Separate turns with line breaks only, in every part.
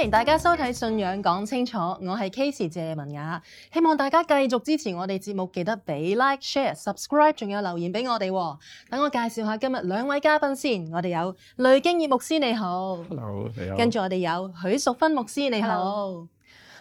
歡迎大家收睇《信仰講清楚》，我係 Casey 謝文雅，希望大家繼續支持我哋節目，記得俾 Like、Share、Subscribe，仲有留言俾我哋。等我介紹下今日兩位嘉賓先，我哋有雷經義牧師你好，Hello，你好。Hello. 跟住我哋有許淑芬牧師你好。Hello.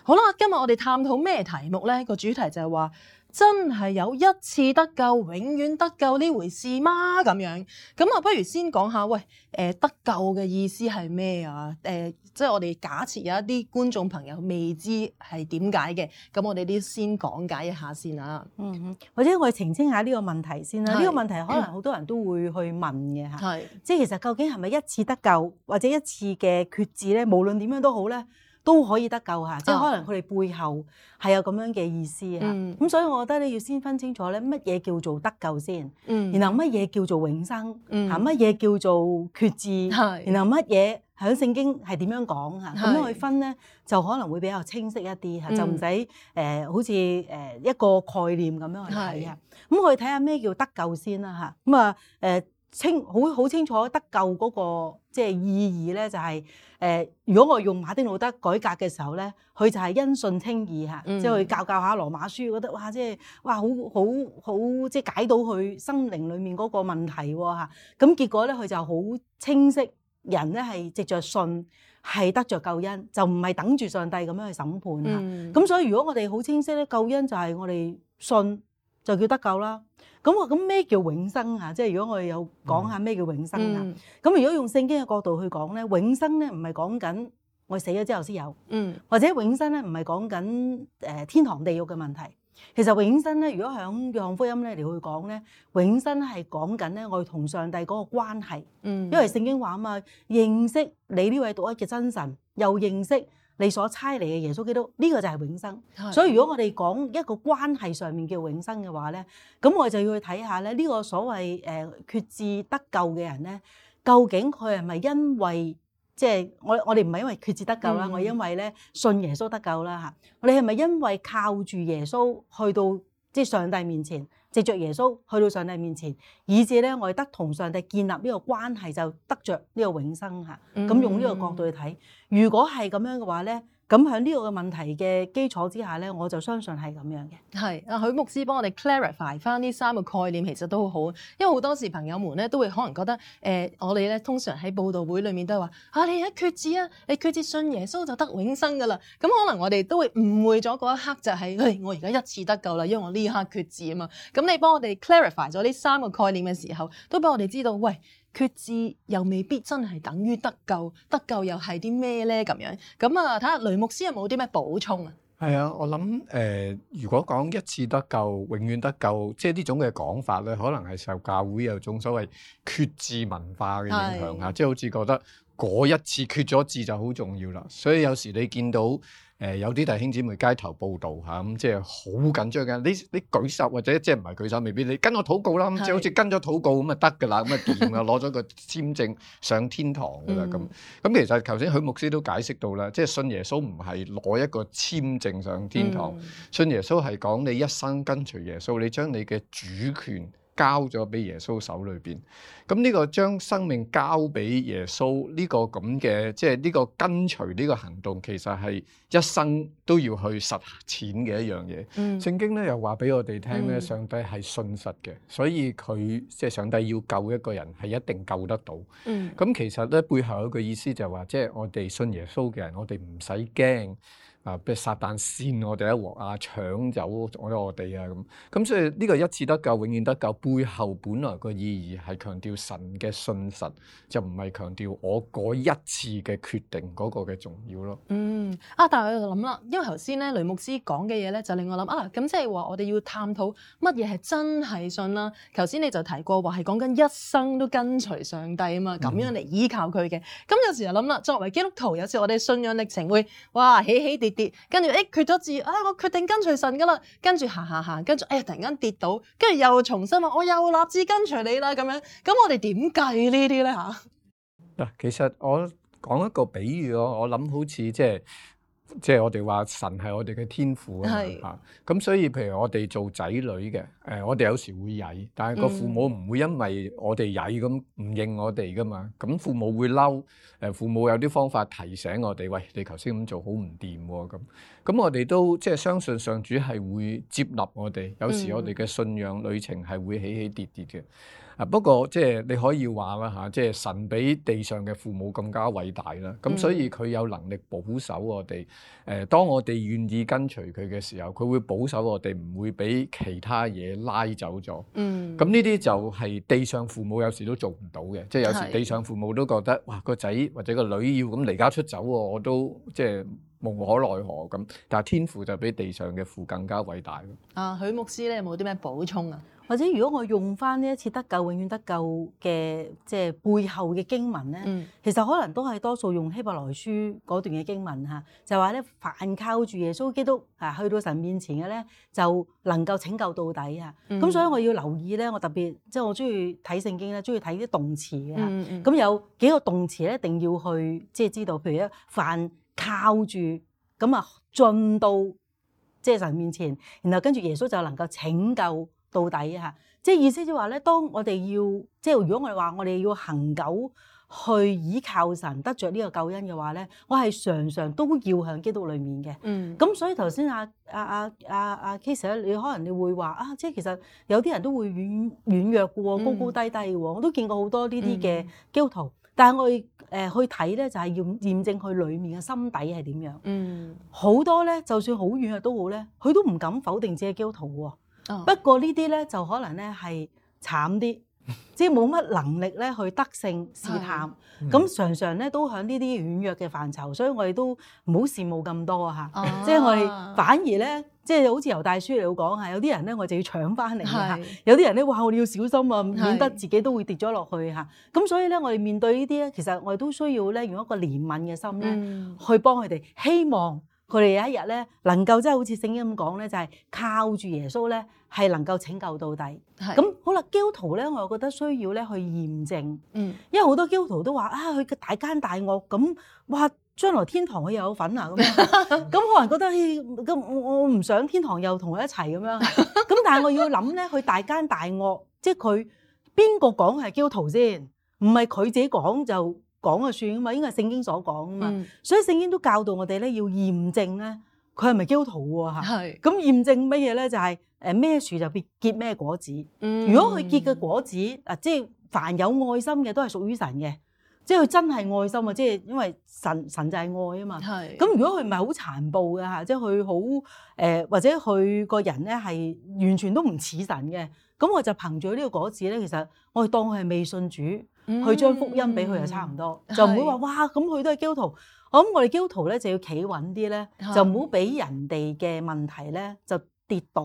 好啦，今日我哋探討咩題目呢？個主題就係話。真係有一次得救，永遠得救呢回事嗎？咁樣咁啊，不如先講下喂，誒得救嘅意思係咩啊？誒、呃，即係我哋假設有一啲觀眾朋友未知係點解嘅，咁我哋啲先講解一下先啊。嗯
哼，
或者我哋澄清下呢個問題先啦。呢是個問題可能好
多人都會去問嘅嚇。係是，即係其實究竟係咪一次得救，或者一次嘅決志咧，無論點樣都好咧。都可以得救嚇，即係可能佢哋背後係有咁樣嘅意思啊。咁、嗯、所以我覺得你要先分清楚咧，乜嘢叫做得救先，嗯、然後乜嘢叫做永生，嚇乜嘢叫做決志，嗯、然後乜嘢喺聖經係點樣講嚇，咁樣去分咧就可能會比較清晰一啲嚇，嗯、就唔使誒好似誒一個概念咁樣去睇啊。咁是我哋睇下咩叫得救先啦嚇，咁啊誒。呃清好好清楚得救嗰、那個即係意義咧，就係、是、誒、呃。如果我用馬丁路德改革嘅時候咧，佢就係因信稱義嚇，嗯、即係教教下羅馬書，覺得哇，即係哇，好好好，即係解到佢心靈裡面嗰個問題喎，咁、啊嗯、結果咧，佢就好清晰，人咧係藉着信係得着救恩，就唔係等住上帝咁樣去審判嚇。咁、啊嗯、所以如果我哋好清晰咧，救恩就係我哋信。就叫得救啦。咁我咁咩叫永生啊？即係如果我哋有講下咩叫永生啊？咁、嗯嗯、如果用聖經嘅角度去講咧，永生咧唔係講緊我死咗之後先有，嗯、或者永生咧唔係講緊誒天堂地獄嘅問題。其實永生咧，如果響約翰福音咧嚟去講咧，永生係講緊咧我同上帝嗰個關係。
嗯、因為
聖經話啊嘛，認識你呢位獨一嘅真神，又認識。你所猜嚟嘅耶穌基督呢，這個就係永生，的所以如果我哋講一個關係上面叫永生嘅話咧，咁我就要去睇下咧呢個所謂誒決志得救嘅人咧，究竟佢係咪因為即係我我哋唔係因為決志得救啦，我係，嗯、因為咧信耶穌得救啦吓，我哋係咪因為靠住耶穌去到即係上帝面前？藉着耶穌去到上帝面前，以至咧我哋得同上帝建立呢個關係，就得着呢個永生嚇。咁、嗯嗯、用呢個角度去睇，如果係咁樣嘅話咧。咁喺呢個問題嘅基礎之下咧，我就相
信係咁樣嘅。係啊，許牧師幫我哋 clarify 翻呢三個概念，其實都好好。因為好多時朋友們咧都會可能覺得，誒、呃，我哋咧通常喺佈道會裡面都係話，啊，你一決志啊，你決志信耶穌就得永生㗎啦。咁可能我哋都會誤會咗嗰一刻就係、是，誒、哎，我而家一次得夠得救啦，因為我呢一刻決志啊嘛。咁你幫我哋 clarify 咗呢三個概念嘅時候，都畀我哋知道，喂。決志又未必真係等於得救，得救又係啲咩咧？咁樣咁啊，睇下雷牧師有冇啲咩補充啊？
係啊，我諗誒、呃，如果講一次得救，永遠得救，即係呢種嘅講法咧，可能係受教會有種所謂決志文化嘅影響啊，的即係好似覺得嗰一次決咗志就好重要啦，所以有時你見到。誒、呃、有啲弟兄姊妹街頭報道嚇，咁、啊嗯、即係好緊張嘅。你你舉手或者即係唔係舉手，未必你跟我禱告啦，是即係好似跟咗禱告咁就得㗎啦，咁啊掂啦，攞咗個簽證上天堂㗎啦咁。咁、嗯嗯嗯、其實頭先許牧師都解釋到啦，即係信耶穌唔係攞一個簽證上天堂，嗯、信耶穌係講你一生跟隨耶穌，你將你嘅主權，交咗俾耶穌手裏邊，咁、這、呢個將生命交俾耶穌呢、這個咁嘅，即係呢個跟隨呢個行動，其實係一生都要去實踐嘅一樣嘢。聖、嗯、經咧又話俾我哋聽咧，上帝係信實嘅，所以佢即係上帝要救一個人係一定救得到。咁、嗯、其實咧背後有一個意思就係話，即、就、係、是、我哋信耶穌嘅人，我哋唔使驚。啊！譬如撒但先我，我哋一鑊啊，搶走我哋啊咁咁，所以呢個一次得救，永遠得救背後本來個意義係強調神嘅信實，就唔係強調我嗰一次嘅決定嗰個嘅重要咯。
嗯，啊，但係我就諗啦，因為頭先咧雷牧師講嘅嘢咧，就令我諗啊，咁即係話我哋要探討乜嘢係真係信啦、啊。頭先你就提過話係講緊一生都跟隨上帝啊嘛，咁樣嚟依靠佢嘅。咁、嗯、有時就諗啦，作為基督徒，有時我哋信仰歷程會哇，起起，起。跌，跟住誒，決咗志，啊，我決定跟隨神噶啦，跟住行行行，跟住，哎呀，突然間跌倒，跟住又重新話，我又立志跟隨你啦，咁樣，咁我哋點計呢啲咧嚇？
嗱，其實我講一個比喻咯，我諗好似即係。即係我哋話神係我哋嘅天父啊！嚇咁是所以，譬如我哋做仔女嘅，誒、呃、我哋有時會曳，但係個父母唔會因為我哋曳咁唔應唔認我哋噶嘛。咁父母會嬲，誒、呃、父母有啲方法提醒我哋，喂，你頭先咁做好唔掂喎咁。咁我哋都即係相信上主係會接納我哋，有時我哋嘅信仰旅程係會起起跌跌嘅。不過即係你可以話啦嚇，即係神比地上嘅父母更加偉大啦。咁、嗯、所以佢有能力保守我哋。誒，當我哋願意跟隨佢嘅時候，佢會保守我哋，唔會俾其他嘢拉走咗。嗯。咁呢啲就係地上父母有時都做唔到嘅，嗯、即係有時地上父母都覺得，是哇，個仔或者個女要咁離家出走，我都即係無可奈何咁。但係天父就比地上嘅父更加偉大。
啊，許牧師咧，有冇啲咩補充啊？或者如果我用翻呢一次得救、永遠得救嘅即係背後嘅經文咧，嗯、其實可能都係多數用希伯來書嗰段嘅經文嚇，就話咧凡靠住耶穌基督啊去到神面前嘅咧，就能夠拯救到底啊！咁、嗯、所以我要留意咧，我特別即係我中意睇聖經咧，中意睇啲動詞嘅。咁、嗯嗯、有幾個動詞咧，一定要去即係知道，譬如咧凡靠住咁啊進到即係神面前，然後跟住耶穌就能夠拯救到底啊，即係意思即係話咧，當我哋要即係如果我哋話我哋要恆久去倚靠神得着呢個救恩嘅話咧，我係常常都要向基督裏面嘅。嗯，咁所以頭先阿阿阿阿阿 Kisa，你可能你會話啊，即係其實有啲人都會軟軟弱嘅高高低低嘅喎，我都見過好多呢啲嘅基督徒，但係我哋誒去睇咧，就係要驗證佢裏面嘅心底係點樣。嗯，好多咧，就算好軟弱都好咧，佢都唔敢否定自己係基督徒喎。哦、不過呢啲咧就可能咧係慘啲，即係冇乜能力咧去得勝試探，咁、嗯、常常咧都喺呢啲軟弱嘅範疇，所以我哋都唔好羨慕咁多啊嚇、哦！即係我哋反而咧，即係好似由大叔嚟到講嚇，有啲人咧我就要搶翻嚟嚇，的有啲人咧話我哋要小心啊，的免得自己都會跌咗落去嚇。咁所以咧，我哋面對呢啲咧，其實我哋都需要咧用一個憐憫嘅心咧，嗯、去幫佢哋希望，佢哋有一日咧，能夠真係好似聖經咁講咧，就係、是、靠住耶穌咧，係能夠拯救到底。咁是好啦，基督徒咧，我又覺得需要咧去驗證，因為好多基督徒都話啊，佢大奸大惡，咁哇，將來天堂佢又有份啊，咁咁可能覺得，咁、欸、我唔想天堂又同我一齊咁樣，咁但係我要諗咧，佢大奸大惡，即係佢邊個講係基督徒先？唔係佢自己講就，講啊算啊嘛，應該係聖經所講啊嘛，嗯、所以聖經都教導我哋咧要驗證咧，佢係咪基督徒喎吓？係，咁驗證乜嘢咧？就係誒咩樹就必結咩果子，嗯、如果佢結嘅果子啊，即係凡有愛心嘅都係屬於神嘅，即係佢真係愛心啊，即係因為神神就係愛啊嘛。係，咁如果佢唔係好殘暴嘅吓，即係佢好誒或者佢個人咧係完全都唔似神嘅，咁我就憑住呢個果子咧，其實我哋當佢係未信主。嗯、去將福音俾佢又差唔多，嗯、就唔會話哇，咁佢都係基督徒，我諗我哋基督徒咧就要企穩啲咧，是就唔好俾人哋嘅問題咧就跌倒。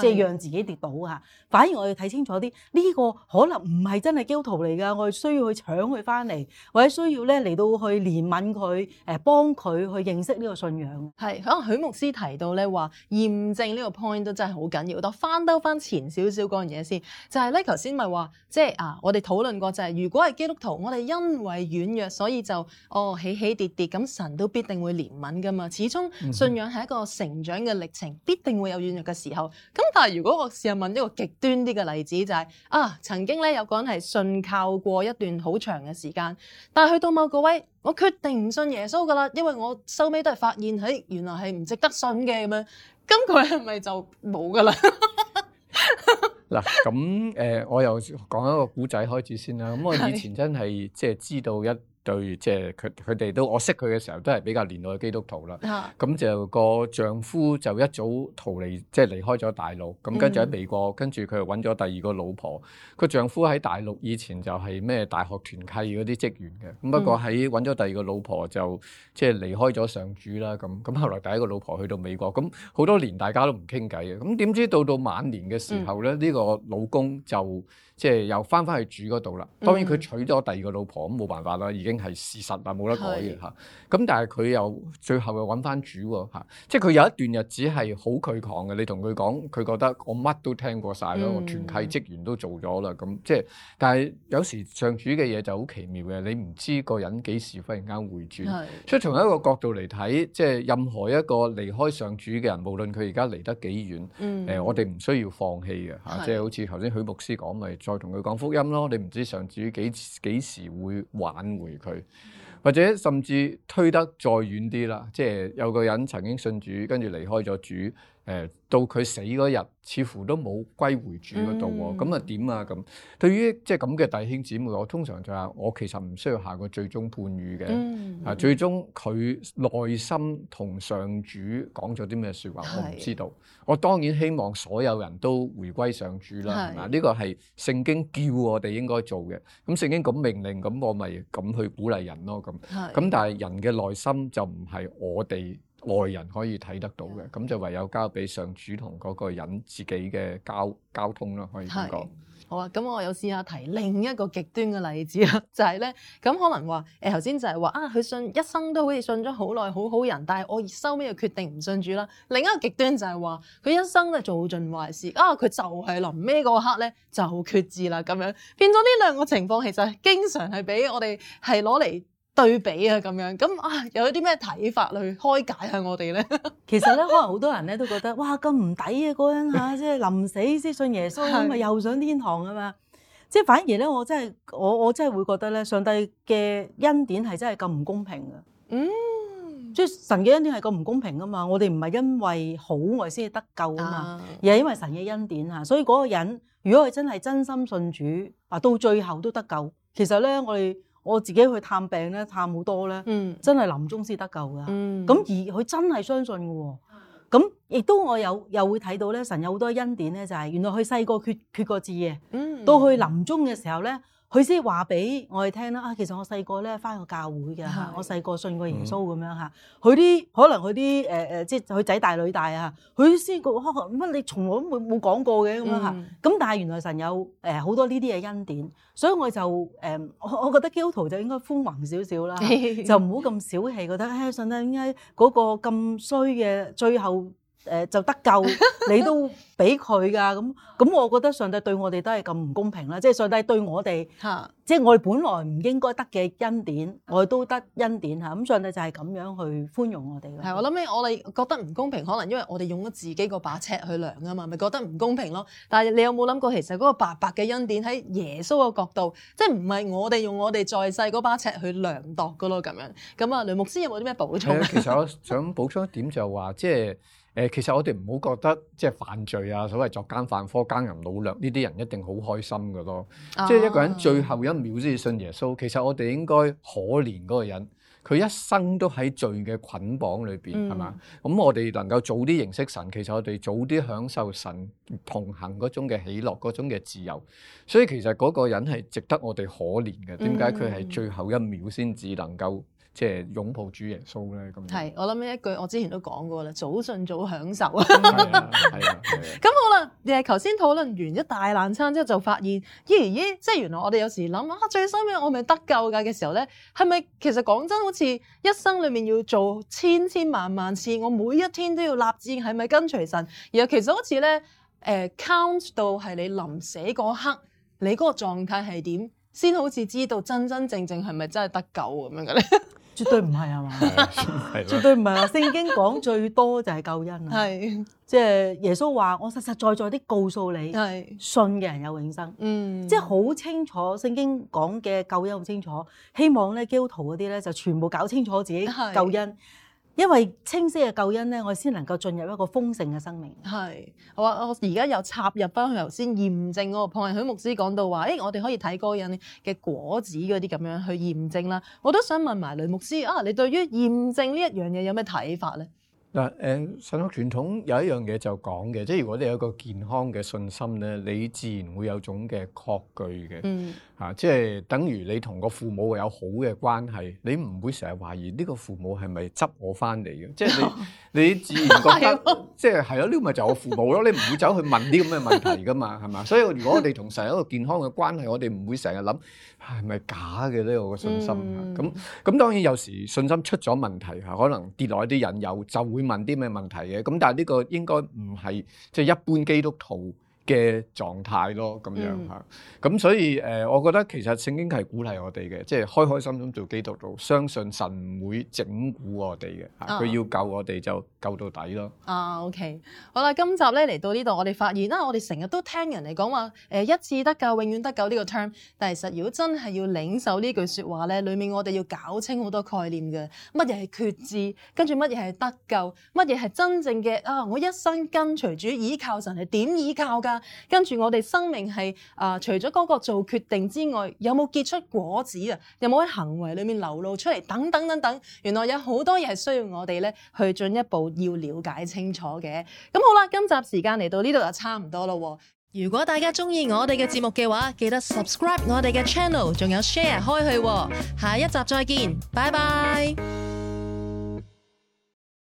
即係讓自己跌倒啊！反而我要睇清楚啲，呢個可能唔係真係基督徒嚟㗎，我哋需要去搶佢翻嚟，或者需要咧嚟到去憐憫佢，
誒幫佢去認識呢個信仰。係啊，許牧師提到咧話驗證呢個 point 都真係好緊要。但翻兜翻前少少嗰樣嘢先，就係咧頭先咪話，即係啊，我哋討論過就係，如果係基督徒，我哋因為軟弱，所以就哦起起跌跌，咁神都必定會憐憫㗎嘛。始終信仰係一個成長嘅歷程，嗯、哼必定會有軟弱嘅時候。咁但係如果我試下問一個極端啲嘅例子，就是，就係啊曾經咧有個人係信靠過一段好長嘅時間，但係去到某個位，我決定唔信耶穌㗎喇，因為我收尾都係發現，誒、哎、原來係唔值得信嘅，咁樣，咁佢係咪就冇㗎喇？
嗱， 咁、呃、誒我又講一個古仔開始先啦，咁我以前真係即係知道一。對，即係佢佢哋都我識佢嘅時候都係比較年老嘅基督徒啦。咁、啊、就個丈夫就一早逃離，即係離開咗大陸。咁跟住喺美國，嗯、跟住佢又揾咗第二個老婆。佢丈夫喺大陸以前就係咩大學團契嗰啲職員嘅。咁不過喺揾咗第二個老婆就即係離開咗上主啦。咁咁後來第一個老婆去到美國，咁好多年大家都唔傾偈嘅。咁點知到到晚年嘅時候咧，呢、嗯、呢個老公就～即係又翻返去主嗰度啦。當然佢娶咗第二個老婆，咁冇辦法啦，已經係事實啊，冇得改嘅嚇。咁是但係佢又最後又揾翻主喎。即係佢有一段日子係好抗拒嘅。你同佢講，佢覺得我乜都聽過晒啦，嗯、我團契職員都做咗啦。咁即係，但係有時上主嘅嘢就好奇妙嘅，你唔知個人幾時忽然間回轉。所以是從一個角度嚟睇，即係任何一個離開上主嘅人，無論佢而家離得幾遠，誒、嗯呃，我哋唔需要放棄嘅嚇。即係是好似頭先許牧師講嘅。再同佢講福音囉，你唔知上主幾幾時會挽回佢，或者甚至推得再遠啲喇，即係有個人曾經信主，跟住離開咗主。誒到佢死嗰日，似乎都冇歸回主嗰度喎，咁、嗯、啊點啊咁？對於即係咁嘅弟兄姊妹，我通常就話、是、我其實唔需要下個最終判語嘅。嗯、啊，最終佢內心同上主講咗啲咩説話，我唔知道。是我當然希望所有人都回歸上主啦，係呢是、呢個係聖經叫我哋應該做嘅。咁聖經咁命令，咁我咪咁去鼓勵人咯。咁咁，但係人嘅內心就唔係我哋外人可以睇得到嘅，咁就唯有交俾上主同嗰個人自己嘅交交通啦。可以咁講。
好啊，咁我有試下提另一個極端嘅例子啦，就係、是、咧，咁可能話誒頭先就係話啊，佢信一生都好似信咗好耐，好好人，但係我收尾又決定唔信主啦。另一個極端就係話佢一生咧做盡壞事，啊佢就係臨尾嗰刻咧就決志啦，咁樣變咗呢兩個情況，其實係經常係俾我哋係攞嚟。對比啊，咁樣咁啊，有啲咩睇法去開解下我哋咧？
其實咧，可能好多人咧都覺得哇，咁唔抵嘅嗰人嚇，即係臨死先信耶穌咁啊，又上天堂啊嘛！即係反而咧，我真係我我真係會覺得咧，上帝嘅恩典係真係咁唔公平嘅。嗯，即係神嘅恩典係咁唔公平啊嘛！我哋唔係因為好我先至得救啊嘛，而係因為神嘅恩典嚇。所以嗰個人如果佢真係真心信主，啊，到最後都得救。其實咧，我哋。我自己去探病咧，探好多咧，嗯、真係臨終先得救㗎。咁、嗯、而佢真係相信嘅喎。咁亦都我有又會睇到咧，神有好多恩典咧，就係、是、原來佢細個缺缺個字嘅，嗯嗯、到去臨終嘅時候咧。佢先話俾我哋聽啦，啊，其實我細個咧返過教會嘅，的我細個信過耶穌咁樣嚇，佢啲、嗯、可能佢啲誒誒，即係佢仔大女大啊，佢先講，乜你從來都冇冇講過嘅咁、嗯、樣嚇，咁但係原來神有誒好、呃、多呢啲嘅恩典，所以我就誒、呃，我覺得基督徒就應該寬宏少少啦， 就唔好咁小氣，覺得誒，上帝應該嗰個咁衰嘅最後，誒、 呃、就得救，你都俾佢噶咁，咁、嗯嗯、我覺得上帝對我哋都係咁唔公平啦。即係上帝對我哋，即係我哋本來唔應該得嘅恩典，我哋都得恩典嚇。咁、嗯、上帝就
係咁樣去寬容我哋。係，我諗起我哋覺得唔公平，可能因為我哋用咗自己個把尺去量啊嘛，咪覺得唔公平咯。但係你有冇諗過，其實嗰個白白嘅恩典喺耶穌嘅角度，即係唔係我哋用我哋在世嗰把尺去量度噶咯？咁樣咁啊，雷牧師有冇啲咩補充？ 其實我
想補充一點就係、是、話，即係。誒，其實我哋唔好覺得即係犯罪啊，所謂作奸犯科、奸淫擄掠呢啲人一定好開心嘅咯。哦、即係一個人最後一秒先至信耶穌，其實我哋應該可憐嗰個人，佢一生都喺罪嘅捆綁裏邊，係嘛、嗯？咁、嗯、我哋能夠早啲認識神，其實我哋早啲享受神同行嗰種嘅喜樂、嗰種嘅自由。所以其實嗰個人係值得我哋可憐嘅。點解佢係最後一秒先至能夠？嗯即係擁抱主耶穌咧，咁係。
我諗呢一句，我之前都講過啦。早信早享受 啊。係啊，係啊、咁、 好啦，誒，你係頭先討論完一大難餐之後，就發現咦咦，即係原來我哋有時諗啊，最深屘我咪得救㗎嘅時候咧，係咪其實講真，好似一生裏面要做千千萬萬次，我每一天都要立志，係咪跟隨神？然後其實好似咧，誒、呃、count 到係你臨死嗰刻，你嗰個狀態係點，先好似知道真真正正係咪真係得救咁樣嘅咧？ 絕對唔係啊嘛，
絕
對唔係話聖經講最多就係救恩啊，係即係耶
穌話我實實在在啲告訴你，是信嘅人有永生，嗯，即係好清楚聖經講嘅救恩好清楚，希望咧基督徒嗰啲咧就全部搞清楚自己救恩。因為清晰嘅救恩咧，我先能夠進入一個豐盛嘅生命。
係，好啊！我而家又插入翻去頭先驗證嗰個旁人許牧師講到話，誒我哋可以睇嗰人嘅果子嗰啲咁樣去驗證啦。我都想問埋雷牧師啊，你對於驗證呢一樣嘢有咩睇法咧？
嗱誒，神學、嗯、傳統有一樣嘢就講嘅，即係如果你有個健康嘅信心咧，你自然會有種嘅確據嘅，嚇、嗯啊，即係等於你同個父母有好嘅關係，你唔會成日懷疑呢個父母係咪執我翻嚟嘅，即係後你你自然覺得 即係係咯，呢、啊這個咪就我父母咯， 你唔會走去問啲咁嘅問題噶嘛，係嘛？所以如果我哋同神有一個健康嘅關係，我哋唔會成日諗係咪假嘅呢、這個信心、嗯，咁咁、嗯、當然有時信心出咗問題嚇，可能跌落一啲引誘就會。會問啲咩問題嘅？咁但係呢個應該唔係即係一般基督徒嘅狀態咯，咁樣吓。咁、嗯嗯、所以誒、呃，我覺得其實聖經係鼓勵我哋嘅，即、就、係、是、開開心心做基督徒，相信神會整蠱我哋嘅。佢、啊、要救我哋就。嗯救到底咯！
啊，OK，好啦，今集咧嚟到呢度，我哋發現啦、啊，我哋成日都聽人嚟講話，誒、呃、一次得救，永遠得救呢、呢個 term，但係實如果真係要領受呢句説話咧，裡面我哋要搞清好多概念嘅，乜嘢係決志，跟住乜嘢係得救，乜嘢係真正嘅啊？我一生跟隨主，倚靠神係點倚靠㗎？跟住我哋生命係啊，除咗嗰個做決定之外，有冇結出果子啊？有冇喺行為裡面流露出嚟？等等，等等等等，原來有好多嘢係需要我哋咧去進一步。要了解清楚嘅，咁好啦，今集時間嚟到呢度就差唔多咯。如果大家中意我哋嘅節目嘅話，記得 subscribe 我哋嘅 channel，仲有 share 開去。下一集再見，拜拜。